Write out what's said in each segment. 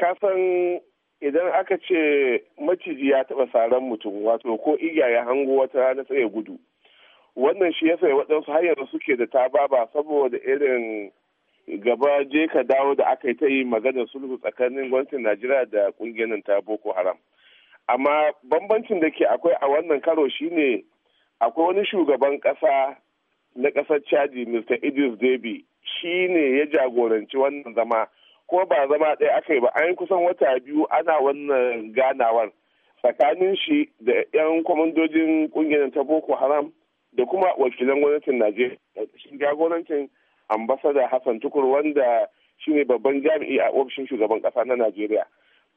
kasan idan aka ce maciji ya taɓa saran mutum wato ko igiya ya hango wata rana sai ya gudu wannan shi ya sai waɗansu har yanzu suke da ta ba saboda irin gaba je ka dawo da aka yi ta yi maganar sulhu tsakanin gwamnatin najeriya da ƙungiyar ta boko haram amma bambancin da ke akwai a wannan karo shine akwai wani shugaban ƙasa na ƙasar chadi mr idris debi shine ya jagoranci wannan zama ko ba zama ɗaya aka yi ba an yi kusan wata biyu ana wannan ganawar tsakanin shi da 'yan kwamandojin ƙungiyar ta boko haram da kuma wakilan gwamnatin najeriya ƙarƙashin jagorancin ambasada hassan tukur wanda shine babban jami'i a ofishin shugaban ƙasa na najeriya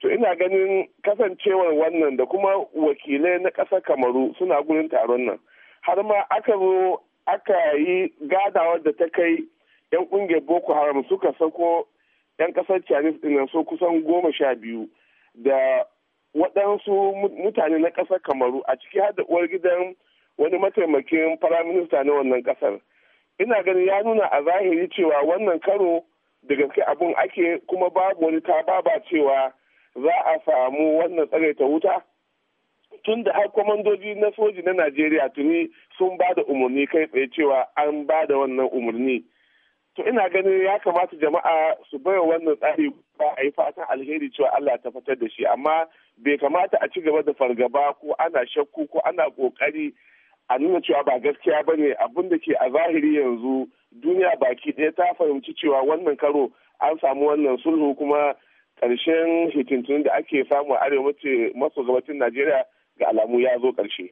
to ina ganin kasancewar wannan da kuma wakilai na ƙasar kamaru suna gurin taron nan har ma aka zo aka yi ganawar da ta kai 'yan ƙungiyar boko haram suka sako 'yan kasar chinese ɗin so kusan goma sha biyu da waɗansu mutane na ƙasar kamaru a ciki har da uwar gidan wani mataimakin firaminista na wannan ƙasar ina ganin ya nuna a zahiri cewa wannan karo da gaske abun ake kuma babu wani ta baba cewa za a samu wannan tsagaita wuta tun da har kwamandoji na soji na najeriya tuni sun ba da umarni kai tsaye cewa an ba da wannan umarni To ina ganin ya kamata jama'a su bai wannan tsari ba a yi fatan alheri cewa Allah ta fitar da shi amma bai kamata a ci gaba da fargaba ko ana shakku ko ana kokari a nuna cewa ba gaskiya ba ne abin da ke a zahiri yanzu duniya baki ɗaya ta fahimci cewa wannan karo an samu wannan sulhu kuma karshen hitintun da ake samu a arewa maso gabacin Najeriya ga alamu ya zo ƙarshe.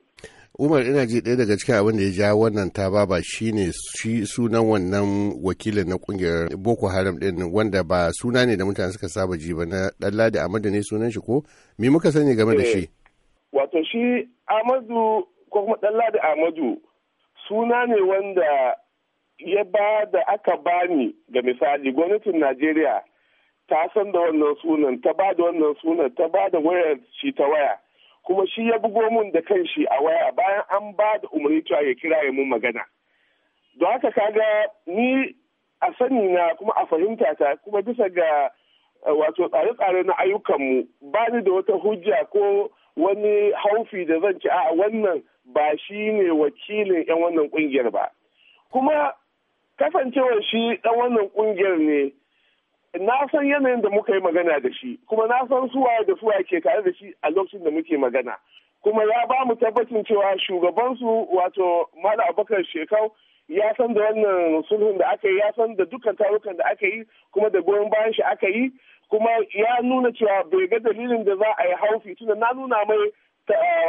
umar ina ji ɗaya daga cikin abin da ya ja wannan ta baba shine shi sunan wannan wakilin na kungiyar boko haram ɗin wanda ba suna ne da mutane suka saba ji ba na ɗalla da amadu ne sunan shi ko me muka sani game da eh, shi wato shi amadu ko kuma ɗalla da amadu suna ne wanda ya ba da aka bani ga misali gwamnatin najeriya ta san da wannan sunan ta ba da wannan sunan ta ba da wayar shi ta waya kuma shi ya bugo mun da kanshi a waya bayan an ba da umarni cewa ya kira ya mun magana don haka ka ga ni a sani na kuma a fahimta ta kuma bisa ga eh, wato tsare-tsare na ayyukanmu ba ni da wata hujja ko wani haufi da zan ci a wannan ba shi ne wakilin 'yan wannan kungiyar ba kuma kasancewar shi dan wannan kungiyar ne na san yanayin da muka yi magana da shi kuma na san suwa da suwa ke tare da shi a lokacin da muke magana kuma ya ba mu tabbacin cewa shugabansu wato malam abubakar shekau ya san da wannan sulhun da aka yi ya san da dukkan tarukan da aka yi kuma da goyon bayan shi aka yi kuma ya nuna cewa bai ga dalilin da za a yi haufi tunda na nuna mai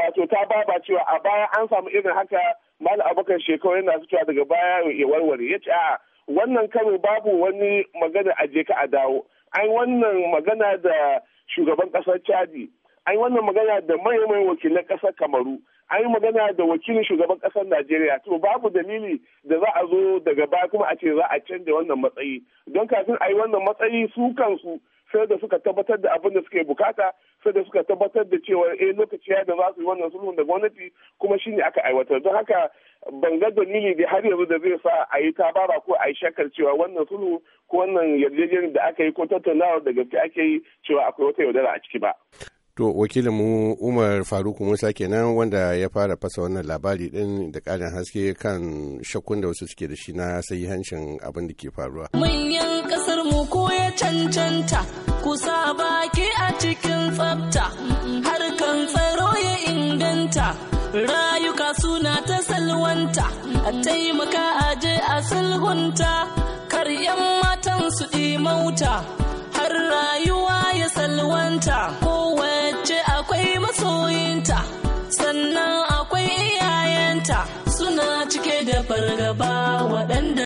wato ta baba cewa a baya an samu irin haka malam abubakar shekau yana zuciya daga baya ya warware ya ce a'a wannan kawai babu wani magana a je ka a dawo an wannan magana da shugaban kasar chadi an wannan magana da maimai wakilan kasar kamaru an magana da wakilin shugaban kasar najeriya to babu dalili da za a zo daga baya kuma a ce za a canza wannan matsayi don kafin a yi wannan matsayi su kansu sai da suka tabbatar da abin da suke bukata sai da suka tabbatar da cewa eh lokaci ya da za su yi wannan sulhun da gwamnati kuma shine aka aiwatar don haka ban ga dalili da har yanzu da zai sa a yi ta bara ko a yi shakar cewa wannan sulhu ko wannan yarjejeniyar da aka yi ko tattaunawar da gaske ake yi cewa akwai wata yaudara a ciki ba. To wakilin mu Umar Faruk Musa kenan wanda ya fara fasa wannan labari din da ƙarin haske kan shakkun da wasu suke da shi na hancin abin da ke faruwa. Manyan kasar mu ko ya cancanta kusa baki taimaka a je a sulhunta kar yan matan su mauta har rayuwa ya salwanta kowace akwai masoyinta sannan akwai iyayenta suna cike da fargaba